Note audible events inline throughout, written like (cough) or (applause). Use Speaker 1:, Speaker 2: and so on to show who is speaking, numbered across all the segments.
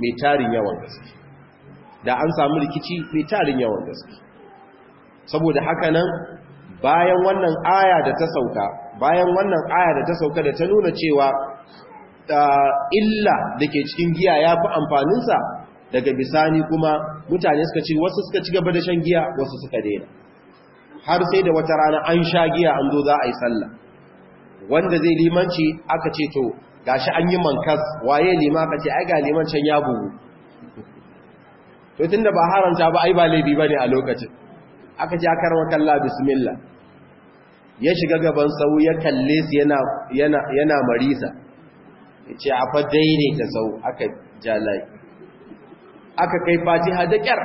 Speaker 1: mai tarin yawan gaske da an samu rikici mai tarin yawan gaske saboda haka nan bayan wannan aya da ta sauka bayan wannan aya da ta sauka da ta nuna cewa illa da ke cikin giya ya fi amfaninsa daga bisani kuma mutane suka ce wasu suka ci gaba da shan giya wasu suka daina har sai da wata rana an sha giya an zo za a yi sallah wanda zai limanci aka ce to gashi an yi mankas waye lima ka ce ai ga liman can ya bugu to tunda ba haranta ba ai ba laifi bane a lokacin aka ji akar wa kalla bismillah ya shiga gaban sau ya kalle su yana yana yana marisa yace a fa ta sau aka jalai aka kai fatiha da kyar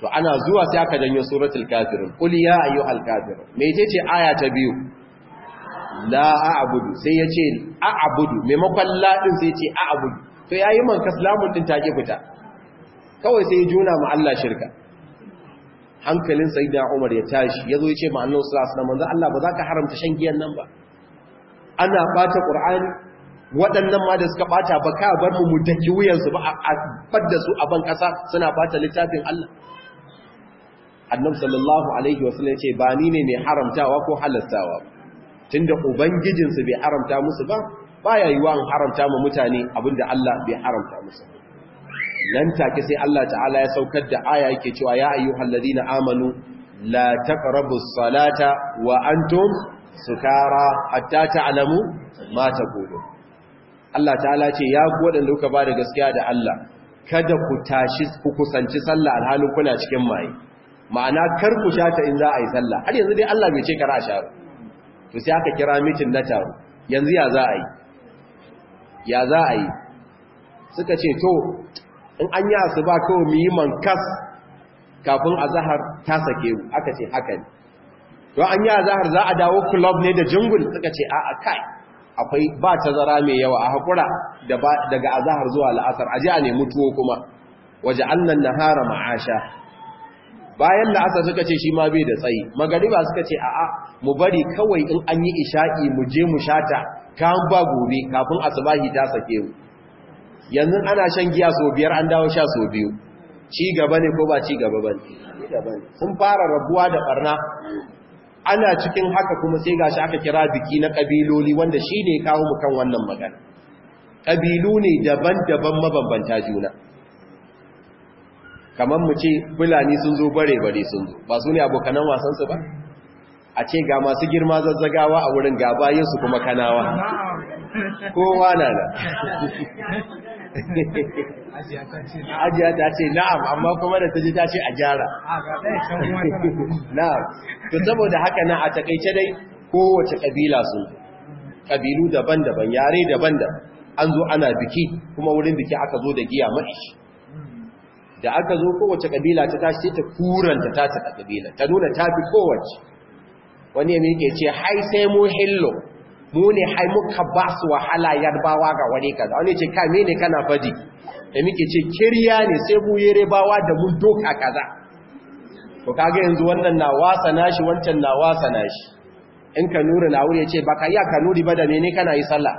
Speaker 1: to ana zuwa sai aka janyo suratul kafirun qul ya ayyuhal kafirun me yace aya ta biyu la a'budu sai ya ce a'budu maimakon la din sai ya ce a'budu to yayi man kaslamun din take fita kawai sai ya juna ma Allah shirka hankalin sayyidina Umar ya tashi yazo ya ce ma Allah sallallahu alaihi wasallam manzo Allah ba za ka haramta shan giyan nan ba ana bata qur'ani waɗannan ma da suka bata ba ka bar mu mutaki wuyansu ba a fadda su a ban kasa suna bata littafin Allah annabi sallallahu alaihi wasallam ya ce ba ni ne mai haramtawa ko halastawa ba Tun tunda ubangijinsu bai haramta musu ba ba ya yi an haramta ma mutane abinda Allah bai haramta musu nan take sai Allah ta'ala ya saukar da aya yake cewa ya ayyuhal ladina amanu la taqrabus salata wa antum sukara hatta ta'lamu ma taqulu Allah ta'ala ce ya ku wadanda kuka ba da gaskiya da Allah kada ku tashi ku kusanci sallah alhalin kuna cikin maye ma'ana kar ku shata in za a yi sallah har yanzu dai Allah bai ce kar a sha ba. to sai aka kira mitin na taro yanzu ya za a yi ya za a yi suka ce to in an yi asuba kawai mu yi mankas kafin azahar ta sake mu aka ce haka ne to an yi azahar za a dawo club ne da jingul suka ce a a kai akwai ba tazara mai yawa a haƙura daga azahar zuwa la'asar aje a nemi tuwo kuma waje annan nahara ma'asha bayan la'asar suka ce shi ma bai da tsayi magariba suka ce a'a mu bari kawai in an yi isha'i mu je mu shata kan ba gobe kafin asubahi ta sake mu yanzu ana shan giya so biyar an dawo sha so biyu ci gaba ne ko ba ci gaba ba ne sun fara rabuwa da barna ana cikin haka kuma sai shi aka kira biki na kabiloli wanda shi ne kawo mu kan wannan magana kabilu ne daban-daban mabambanta juna kamar mu ce fulani sun zo bare bare sun zo ba su ne abokanan wasansu ba a ce ga masu girma zazzagawa a wurin gabayinsu kuma kanawa
Speaker 2: kowa na da
Speaker 1: (laughs) ajiya ta ce na'am amma kuma da ta ji ta ce a gyara (laughs) na'am to saboda haka na a takaice dai kowace kabila sun kabilu daban-daban yare daban-daban an zo ana biki kuma wurin biki aka zo da giya ma'ishi da aka zo kowace kabila ta tashi ta kuranta ta ta kabila ta nuna ta fi kowace wani yamin ke ce hai sai mu hillo mu ne hai muka ba su wahala yarbawa ga wani kaza wani ce kame ne kana fadi da muke ce kiriya ne sai mu rebawa da mun doka kaza Ko kaga yanzu wannan na wasa nashi wancan na wasa nashi in ka nuri na wuri ce baka iya ka nuri ba da mene kana yi sallah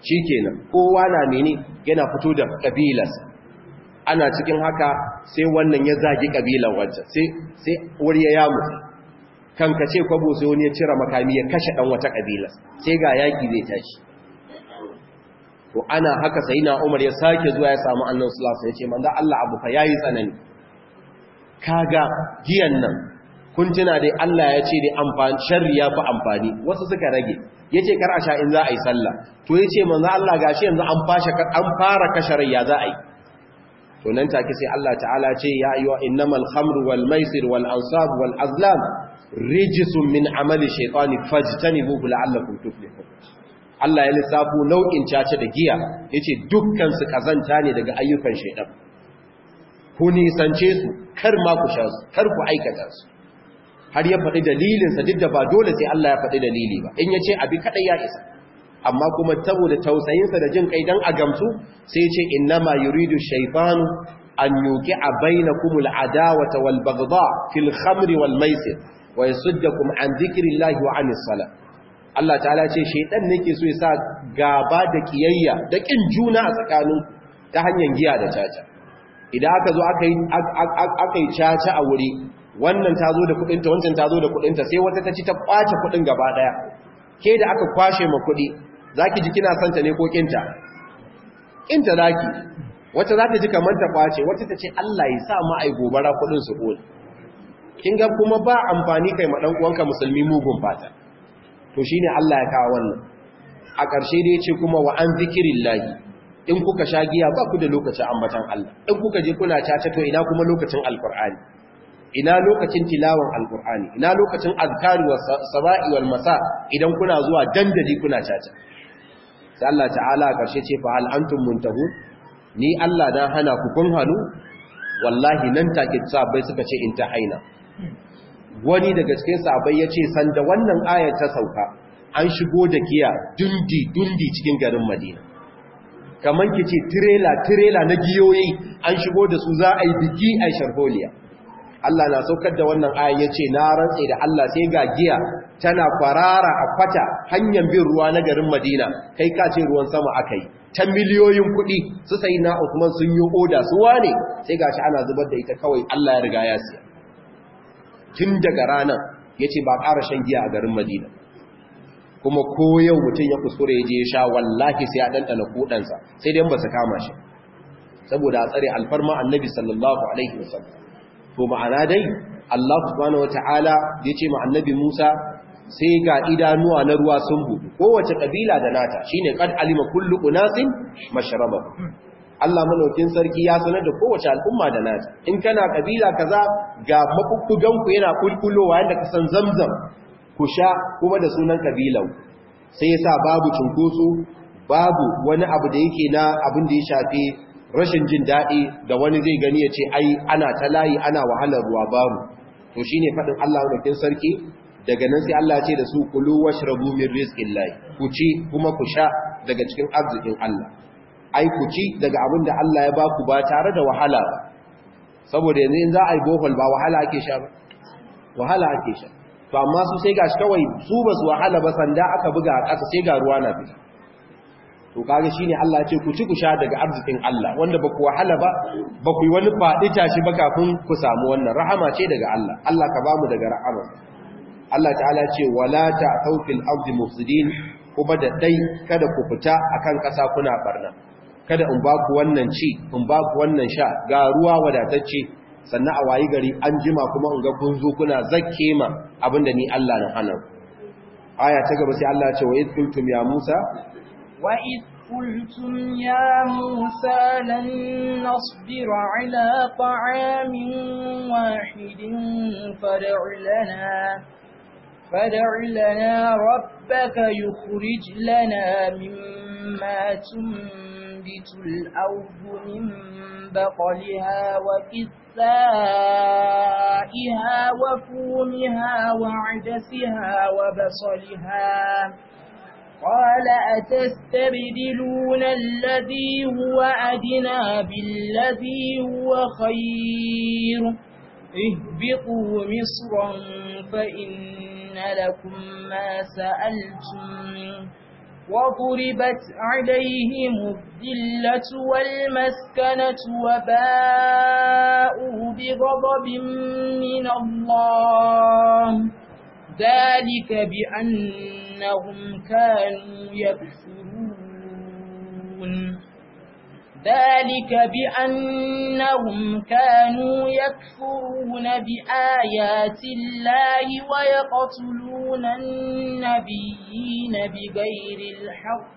Speaker 1: shikenan kowa na mene yana fito da kabilarsa ana cikin haka sai wannan ya zagi kabilan wancan sai wuri ya yamu kanka ce kwabo sai wani ya cira makami ya kashe dan wata kabila sai ga yaki zai tashi to ana haka sai na Umar ya sake zuwa ya samu annan sallallahu alaihi ya ce manzo Allah abu fa yayi tsanani kaga giyan nan kun tuna dai Allah ya ce dai amfani sharri ya fi amfani wasu suka rage ya kar a sha in za a yi sallah to yace ce manzo Allah gashi yanzu an fara kashe rai ya za a yi to nan take sai Allah ta'ala ce ya ayyuha innamal khamru wal maisir wal ansab wal azlam rijsun min amali shaytani fajtanibu la'allakum tuflihun Allah ya lissafo nau'in caca da giya yace dukkan su kazanta ne daga ayyukan shaytan ku nisance su kar ma ku sha su kar ku aikata su har ya faɗi dalilinsa duk da ba dole sai Allah ya faɗi dalili ba in ya ce abi kaɗai ya isa amma kuma saboda tausayinsa da jin kai dan a gamsu sai ce innama yuridu shaytanu an yuki a bainakumul adawata wal baghdha fil khamri wal maisir wa yasuddakum an dhikrillahi wa anis sala Allah ta'ala ce shaytan nake so ya sa gaba da kiyayya da kin juna a tsakanin ta hanyar giya da caca idan aka zo aka yi aka yi caca a wuri wannan ta zo da ta wancan ta zo da ta sai wata ta ci ta kwace kudin gaba daya ke da aka kwashe ma kudi zaki ji kina santa ne ko kinta kinta zaki wata za ta ji kamar ta kwace wata ta ce Allah ya sa ma ai gobara kudin su kone kin ga kuma ba amfani kai ma dan uwanka musulmi mugun fata to shine Allah ya kawo wannan a ƙarshe dai ce kuma wa an zikirillahi in kuka sha giya ba ku da lokacin ambatan Allah in kuka je kuna caca to ina kuma lokacin alqur'ani ina lokacin tilawan alqur'ani ina lokacin azkari wa saba'i wal masa idan kuna zuwa dandali kuna caca sai Allah ta'ala a ƙarshe ce fa an antum muntahu ni Allah na hana ku hannu. wallahi nan take sabai suka ce in ta haina wani daga cikin ya yace sanda wannan ayar ta sauka an shigo da giya dundi dundi cikin garin Madina ki ce tirela-tirela na giyoyi an shigo da su za a yi biki a sharholiya Allah na saukar da wannan ya yace na rantse da Allah sai ga giya tana kwarara a kwata hanyar bin ruwa na garin madina kai kace ruwan sama aka yi ta miliyoyin kuɗi su sai na usman sun yi oda su wane sai gashi ana zubar da ita kawai allah ya riga ya siya tun daga ranar ya ce ba ƙara shan giya a garin madina kuma ko yau mutum ya kuskure ya je ya sha wallahi sai ya ɗanɗana kuɗansa sai dai ba su kama shi saboda a tsare alfarma annabi sallallahu alaihi wasallam to ma'ana dai Allah subhanahu wataala ya ce ma annabi Musa sai ga idanuwa na ruwa sun buɗe kowace kabila da nata shine kad alima kullu unasin mashraba Allah malaukin sarki ya sanar da kowace al'umma da nata in kana kabila kaza ga mafuffugan ku yana kulkulowa yanda ka san zamzam ku sha kuma da sunan kabilan sai yasa babu cinkoso babu wani abu da yake na abin da ya shafe rashin jin daɗi da wani zai gani ya ce ai ana ta layi ana wahalar ruwa baru. to shine faɗin Allah malaukin sarki daga nan sai Allah ce da su kulu washrabu min rizqillahi ku ci kuma ku sha daga cikin arzikin Allah ai ku ci daga abin da Allah ya baku ba tare da wahala ba saboda yanzu in za a yi bohol ba wahala ake sha ba wahala ake sha to amma su sai gashi kawai su ba su wahala ba sanda aka buga a ƙasa sai ga ruwa na fita to kaga shine Allah ce ku ci ku sha daga arzikin Allah wanda ba ku wahala ba ba ku yi wani faɗi tashi ba kafin ku samu wannan rahama ce daga Allah Allah ka bamu daga rahama. Allah ta'ala ce wala ta taufil ardi mufsidin kuma da dai kada ku fita akan kasa kuna barna kada in ba ku wannan ci in ba ku wannan sha ga ruwa wadatacce sannan a wayi gari an jima kuma in ga kun zo kuna zakke ma abinda ni Allah na hana aya ta gaba sai Allah ce wa yadkultum ya Musa
Speaker 2: wa قلتم يا ya musa lan nasbiru ala ta'amin wahidin لنا فدع لنا ربك يخرج لنا مما تنبت الأرض من بقلها وكثائها وفومها وعدسها وبصلها قال أتستبدلون الذي هو أدنى بالذي هو خير اهبطوا مصرا فإن أن لكم ما سألتم منه وضربت عليهم الذلة والمسكنة وباءوا بغضب من الله ذلك بأنهم كانوا يكفرون ذلك بأنهم كانوا يكفرون بآيات الله ويقتلون النبيين بغير الحق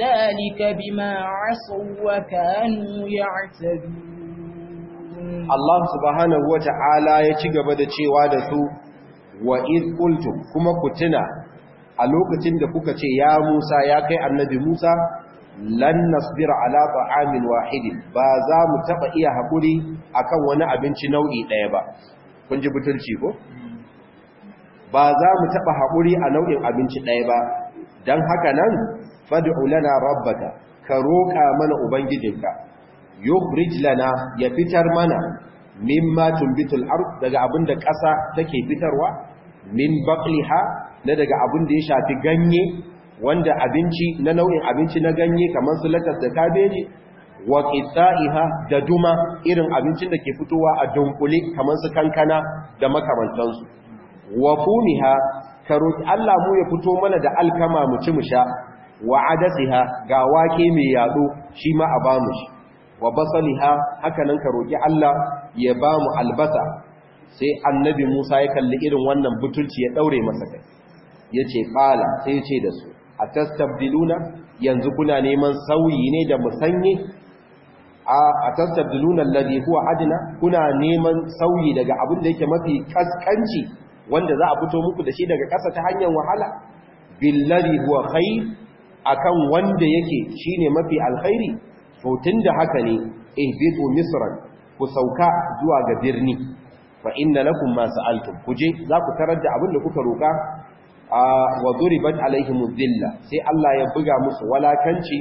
Speaker 2: ذلك بما عصوا وكانوا يعتدون
Speaker 1: Allah subhanahu wa ta'ala ya ci gaba da cewa da su wa iz kuma ku tuna a lokacin da kuka ce ya Musa ya kai annabi Musa lan nasbir ala ta'amin wahid ba za mu taba iya hakuri akan wani abinci nau'i daya ba kun ji butulci ko ba za mu taba hakuri a nau'in abinci daya ba dan haka nan fad'u lana rabbaka ka roka mana ubangijinka yukhrij lana ya fitar mana mimma tumbitul ard daga abinda ƙasa take fitarwa min baqliha na daga abinda ya shafi ganye wanda abinci na nau'in abinci na ganye kamar su latas da kabeji wa qita'iha da duma irin abincin da ke fitowa a dunkule kamar su kankana da su wa fumiha karoki Allah mu ya fito mana da alkama mu ci mu sha wa adasiha ga wake mai yado shi ma a bamu shi wa basaliha haka nan karoki Allah ya bamu albasa sai annabi Musa ya kalli irin wannan butulci ya daure masa kai yace qala sai yace da su a yanzu kuna neman sauyi ne da musanye a tastabdiluna alladhi huwa adna kuna neman sauyi daga abin da yake mafi kaskanci wanda za a fito muku da shi daga ƙasa ta hanyar wahala billadhi huwa khair akan wanda yake shine mafi alkhairi to tunda haka ne ihbitu misran ku sauka zuwa ga birni fa inna lakum ma sa'altum kuje za ku tarar da abin da kuka roka wa duribat alaihi muzilla sai Allah ya buga musu walakanci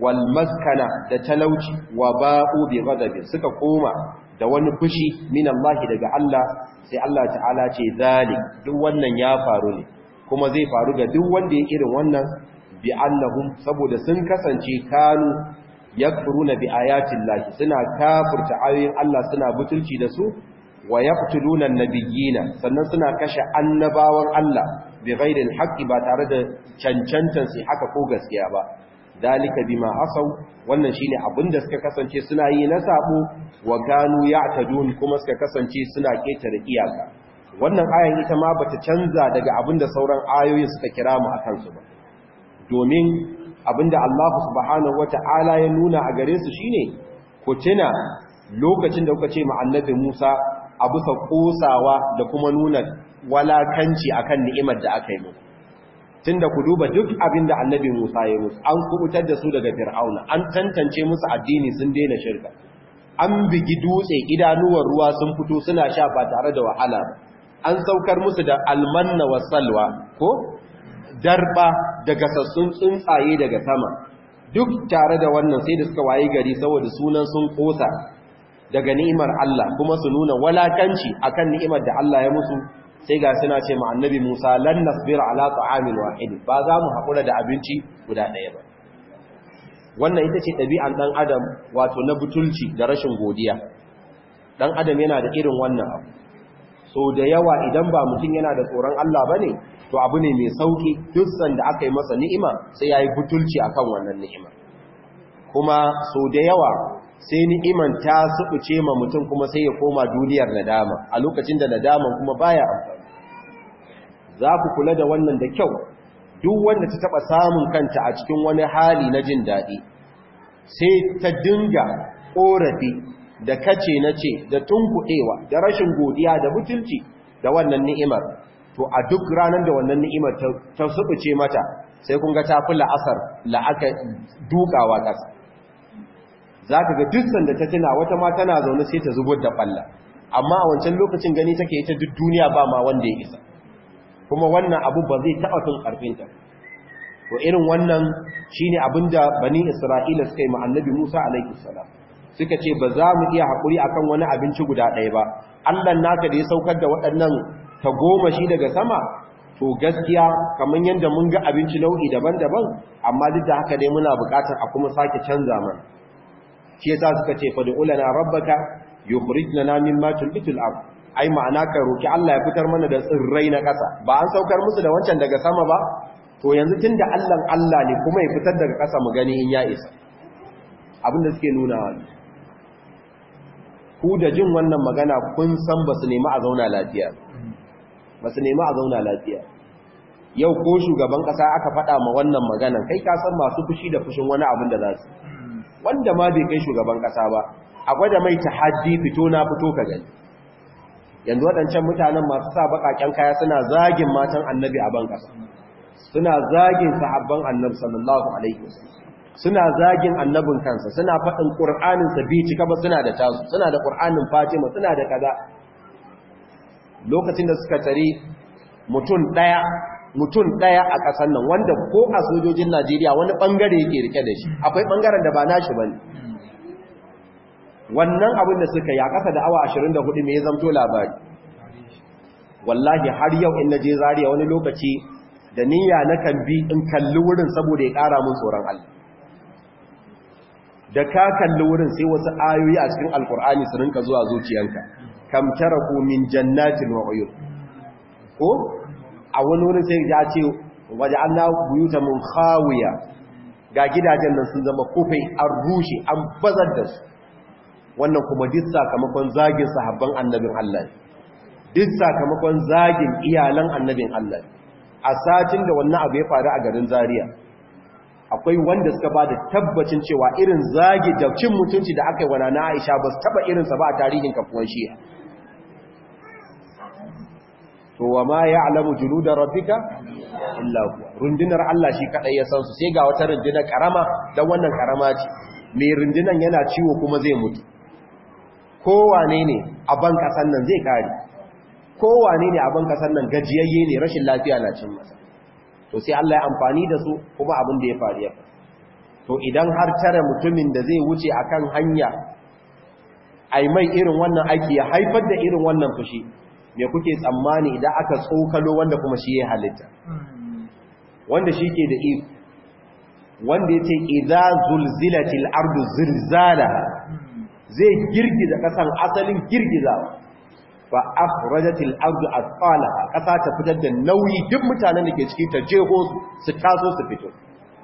Speaker 1: walmaskana, da talauci wa ba'u bi ghadabin suka koma da wani fushi min Allah daga Allah sai Allah ta'ala ce zalik duk wannan ya faru ne kuma zai faru ga duk wanda ya irin wannan bi annahum saboda sun kasance kanu yakfuruna bi ayatin lahi suna kafurta ayoyin Allah suna butulci da su wa yaqtuluna nabiyina sannan suna kashe annabawan Allah bi ghairi alhaqi ba tare da cancantan sai haka ko gaskiya ba dalika bima asaw wannan shine abin da suka kasance suna yi na sabo wa kanu ya'tadun kuma suka kasance suna ketare iyaka wannan ayan ita ma bata canza daga abin da sauran ayoyin suka kira mu akan su ba domin abinda Allah subhanahu wata'ala ya nuna a gare su shine ku tuna lokacin da kuka ce ma annabi Musa abu sa kosawa da kuma nuna walakanci akan ni'imar da aka yi muku tunda ku duba duk abin da annabi Musa ya musu an kubutar da su daga Fir'auna an tantance musu addini sun daina shirka an bigi dutse idanuwar ruwa sun fito suna sha ba tare da wahala ba an saukar musu da almanna wa salwa ko darba daga sassun tsuntsaye daga sama duk tare da wannan sai da suka waye gari saboda sunan sun kosa daga ni'imar Allah kuma su nuna walakanci akan ni'imar da Allah ya musu sai ga suna ce ma annabi Musa lan nasbir ala ta'amin wahid ba za mu hakura da abinci guda ɗaya ba wannan ita ce dabi'an ɗan adam wato na butulci da rashin godiya dan adam yana da irin wannan abu so da yawa idan ba mutum yana da tsoron Allah bane to abu ne mai sauki duk sanda aka yi masa ni'ima sai yayi butulci akan wannan ni'ima kuma so da yawa sai ni'iman ta suɓuce ma mutum kuma sai ya koma duniyar nadama a lokacin da nadaman kuma baya amfani za ku kula da wannan da kyau duk wanda ta taba samun kanta a cikin wani hali na jin daɗi sai ta dinga ƙorafi da kace na ce da tunkuɗewa da rashin godiya da mutunci da wannan ni'imar to a duk ranar da wannan ni'imar ta suɓuce mata sai kun ga tafi la'asar la'aka dukawa ƙasa za ka ga duk sanda ta tuna wata ma tana zaune sai ta zubar da ɓalla amma a wancan lokacin gani take yi ta duk duniya ba ma wanda ya isa kuma wannan abu ba zai taɓa fin ƙarfinta to irin wannan shi shine abinda bani isra'ila suka yi ma'annabi musa alaihi suka ce ba za mu iya haƙuri a kan wani abinci guda ɗaya ba allah naka da ya saukar da waɗannan ta goma shi daga sama to gaskiya kamar yadda mun ga abinci nau'i daban-daban amma duk da haka dai muna buƙatar a kuma sake canza man shi yasa suka ce fad'u na rabbaka yukhrijna mimma tunbitul ardh ai ma'ana ka roki Allah ya fitar mana da tsirrai na ƙasa ba an saukar musu da wancan daga sama ba to yanzu tunda Allah Allah ne kuma ya fitar daga ƙasa mu gani in ya isa abin da suke nuna wa ku da jin wannan magana kun san ba su nemi a zauna lafiya ba su nemi a zauna lafiya yau ko shugaban ƙasa aka faɗa ma wannan magana kai ka san masu fushi da fushin wani abin da za su wanda ma bai kai shugaban ƙasa ba akwai da mai tahaddi fito na fito ka gani yanzu waɗancan mutanen masu sa baƙaƙen kaya suna zagin matan annabi a ban ƙasa suna zagin sahabban annabi sallallahu alaihi suna zagin annabin kansa suna faɗin ƙur'anin sa bi cika ba suna da tasu suna da ƙur'anin fatima suna da kaza lokacin da suka tare mutum ɗaya a ƙasar nan wanda ko a sojojin Najeriya wani ɓangare yake rike da shi akwai ɓangaren da ba nashi ba ne. wannan abin da suka yi a kasa da awa 24 me ya zamto labari wallahi har yau in naje zariya wani lokaci da niyya na kan bi in kalli wurin saboda ya kara mun tsoron Allah da ka kalli wurin sai wasu ayoyi a cikin alkur'ani su rinka zuwa zuciyanka kam taraku min jannatin wa uyun ko a wani wurin sai ya ce waje Allah buyuta mun khawiya ga gidajen nan sun zama kufai an rushe an bazar da su wannan kuma duk sakamakon zagin sahabban annabin Allah duk sakamakon zagin iyalan annabin Allah a satin da wannan abu ya faru a garin Zaria akwai wanda suka ba da tabbacin cewa irin zagi da cin mutunci da aka yi wana na Aisha ba su taba sa ba a tarihin kafuwan shiya to wa ma ya'lamu juluda rabbika illa hu rundunar Allah shi kadai ya san su sai ga wata rundunar karama dan wannan karama ce mai rundunar yana ciwo kuma zai mutu kowane ne a ban kasan nan zai kari kowane ne a ban kasan nan gajiyayye ne rashin lafiya na cin masa to sai Allah ya amfani da su kuma abin da ya faru ya to idan har tare mutumin da zai wuce akan hanya ai mai irin wannan aiki ya haifar da irin wannan fushi me kuke tsammani idan aka tsokalo wanda kuma shi ya halitta wanda shi ke da iko wanda ya ce idan zulzilatil ardu zirzalaha zai girgiza kasan asalin girgizawa fa a ardu a kasa ta fitar da nauyi duk mutanen da ke ciki ta jeho su taso su fito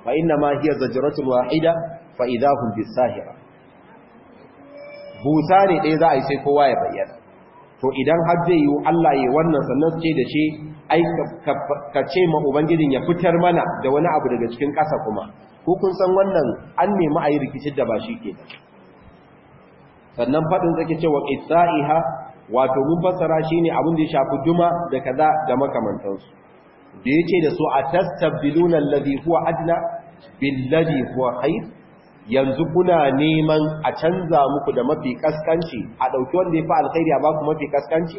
Speaker 1: fa inna ma hiya zajratun wahida fa sahira busa ne ɗaya za a yi sai kowa ya bayyana to idan har zai yi Allah ya wannan sannan ce da shi ai ka ce ma ubangijin ya fitar mana da wani abu daga cikin ƙasa kuma ko kun san wannan an nemi a yi rikicin da ba shi ke da sannan faɗin sake cewa isaiha wato mun fassara shine abin da ya shafi duma da kaza da makamantansu da yace da su atastabiluna alladhi huwa adna billadhi huwa khair yanzu kuna neman a canza muku da mafi kaskanci a dauki wanda yafi alkhairi a baku mafi kaskanci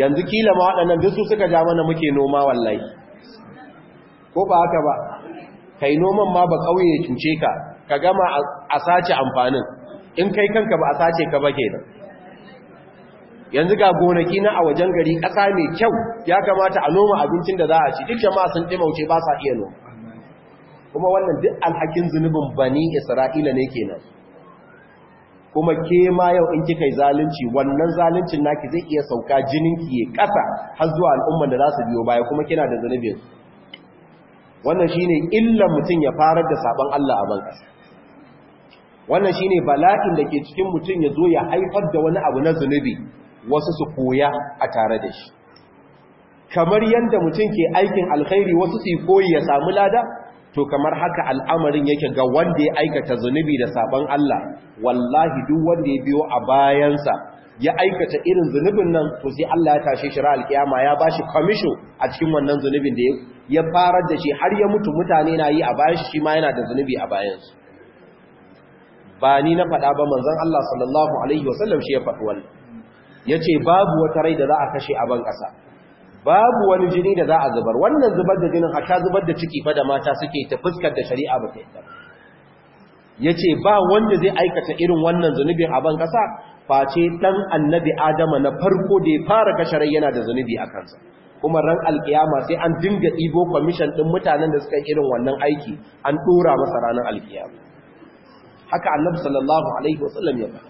Speaker 1: yanzu kila ma waɗannan duk su suka ja mana muke noma wallahi ko ba haka ba kai noman ma ba kauye cuce ka ka gama a sace amfanin in kai kanka ba a sace ka ba kenan yanzu ga gonaki na a wajen gari ƙasa mai kyau ya kamata a noma abincin da za a ci duk jama'a sun taimauce ba sa iya noma kuma wannan duk alhakin zunubin bani isra'ila ne kenan kuma ke ma yau in kika yi zalunci wannan zaluncin naki zai iya sauka jinin ki ya ƙasa har zuwa al'umman da za su biyo baya kuma kina da zunubin wannan shine illan mutum ya farar da sabon Allah a ban wannan shi ne bala'in da ke cikin mutum ya zo ya haifar da wani abu na zunubi wasu su koya a tare da shi kamar yadda mutum ke aikin alkhairi wasu su koyi ya samu lada to kamar haka al'amarin yake ga wanda ya aikata zunubi da sabon Allah wallahi duk wanda ya biyo a bayansa ya aikata irin zunubin nan to sai Allah ya tashe shi ra'al kiyama ya bashi commission a cikin wannan zunubin da ya farar da shi har ya mutu mutane na yi a bayan shi ma yana da zunubi a bayansu ba ni na faɗa ba manzon Allah sallallahu alaihi wasallam shi ya faɗi wannan yace babu wata rai da za a kashe a ban ƙasa babu wani jini da za a zubar wannan zubar da jinin ta zubar da ciki fa da mata suke ta fuskar da shari'a ba ta yadda yace ba wanda zai aikata irin wannan zunubin a ban ƙasa face dan annabi adama na farko da ya fara kashe rai yana da zunubi a kansa kuma ran alkiyama sai an dinga ɗibo kwamishin ɗin mutanen da suka irin wannan aiki an ɗora masa ranar alkiyama haka annabi sallallahu alaihi wasallam ya ba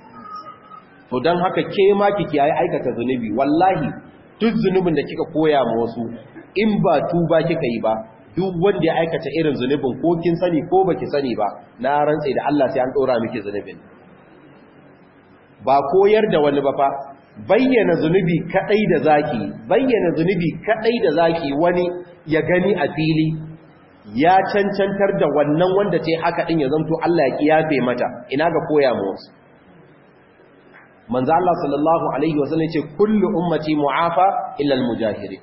Speaker 1: to dan haka ke ma ki kiyaye aikata zunubi wallahi duk zunubin da kika koya ma wasu in ba tuba kika yi ba duk wanda ya aikata irin zunubin ko kin sani ko baki sani ba na rantsa da Allah sai an dora miki zunubin ba koyar da wani ba fa bayyana zunubi kadai da zaki bayyana zunubi kadai da zaki wani ya gani a fili ya cancantar da wannan wanda ce haka ɗin ya zanto Allah ya yafe mata ina ga koya mu wasu manzo Allah sallallahu alaihi ne ce, kullu ummaci mu'afa ilal mujahiri."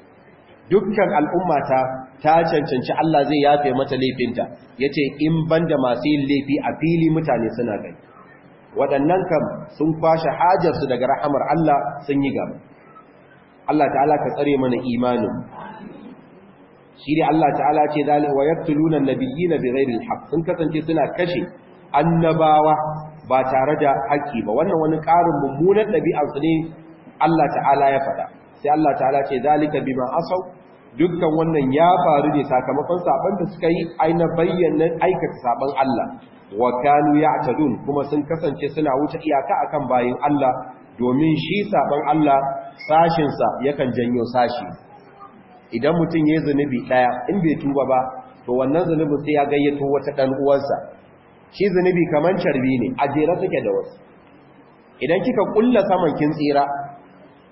Speaker 1: dukkan al'ummata ta cancanci Allah zai yafe mata laifinta ya ce in banda masu yin laifi a fili mutane suna gani waɗannan kam sun kwashe hajarsu daga rahamar Allah sun yi gaba Allah ta'ala ka tsare mana imanin shi ne Allah ta'ala ce zalim wa yaqtuluna nabiyina bighairi alhaq sun kasance suna kashe annabawa ba tare da haƙƙi ba wannan wani ƙarin mummunan ɗabi'ar ne Allah ta'ala ya faɗa sai Allah ta'ala ce zalika bima Asau? dukkan wannan ya faru ne sakamakon saban da suka yi aina bayyana aikata saban Allah wa kanu ya'tadun kuma sun kasance suna wuce iyaka akan bayin Allah domin shi saban Allah sashinsa yakan janyo sashi idan mutum ya yi zunubi ɗaya in bai tuba ba to wannan zunubin sai ya gayyato wata ɗan uwansa shi zunubi kamar carbi ne a jera suke da wasu idan kika kulla saman kin tsira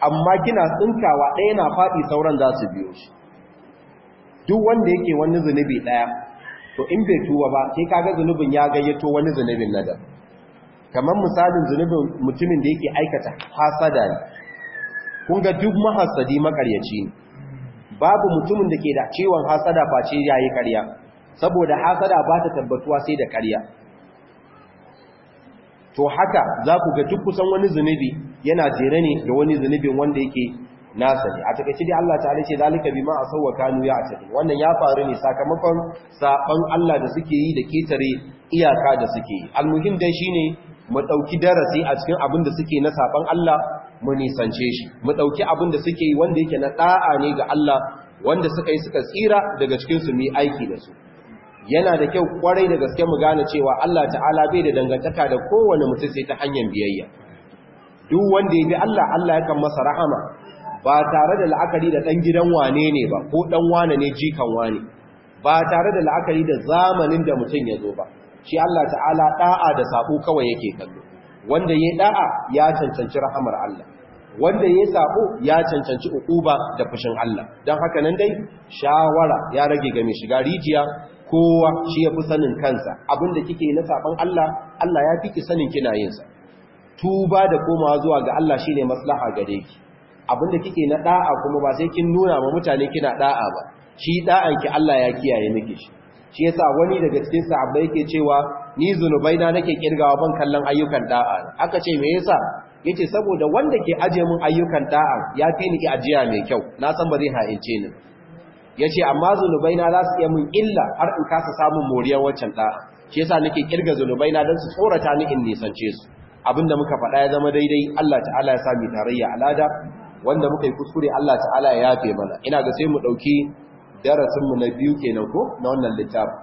Speaker 1: amma kina tsinkawa ɗaya na faɗi sauran za su biyo shi duk wanda yake wani zunubi ɗaya to in bai tuba ba sai kaga zunubin ya gayyato wani zunubin na da kamar misalin zunubin mutumin da yake aikata hasada ne kun ga duk mahasadi makaryaci ne babu mutumin da ke da ciwon hasada face ya yi karya, saboda hasada ba ta tabbatuwa sai da karya. to haka za ku ga duk kusan wani zunubi yana jere ne da wani zunubin wanda yake nasa ne a takaice dai Allah ta'ala ce zalika bima asawwa kanu ya atadi wannan ya faru ne sakamakon saban Allah da suke yi da ketare iyaka da suke yi almuhim dai shine mu dauki darasi a cikin abin da suke na saban Allah mu nisance shi mu dauki abin da suke yi wanda yake na da'a ne ga Allah wanda suka yi suka tsira daga cikin su mu aiki da su yana da kyau kwarai da gaske mu gane cewa Allah ta'ala bai da dangantaka da kowane mutum sai ta hanyar biyayya duk wanda ya bi Allah Allah yakan masa rahama ba tare da la'akari da dan gidan wane ne ba ko dan wane ne jikan wane ba tare da la'akari da zamanin da mutum ya zo ba shi Allah ta'ala da'a da sabo kawai yake kallo wanda ya da'a ya cancanci rahamar Allah wanda ya sabo ya cancanci ukuba da fushin Allah don haka nan dai shawara ya rage ga shiga rijiya kowa shi ya fi sanin kansa abinda kike na saban Allah Allah ya fi ki sanin kina yinsa. sa tuba da komawa zuwa ga Allah shine maslaha gare ki abinda kike na da'a kuma ba sai kin nuna ma mutane kina da'a ba shi da'an ki Allah ya kiyaye miki shi shi yasa wani daga cikin sahabbai yake cewa ni zunubai na nake kirgawa ban kallon ayyukan da'a aka ce me yasa yace saboda wanda ke aje mun ayyukan da'a ya fi ni ajiya mai kyau na san ba zai ha'ince ni yace amma zunubai na za su iya mun illa har in kasa samun moriyar waccan da'a shi yasa nake kirga zunubai na dan su tsorata ni in nisance su abinda muka faɗa ya zama daidai Allah ta'ala ya sami tarayya alada wanda muka yi kuskure Allah ta'ala ya yafe mana ina ga sai mu dauki darasin mu na biyu kenan ko na wannan littafin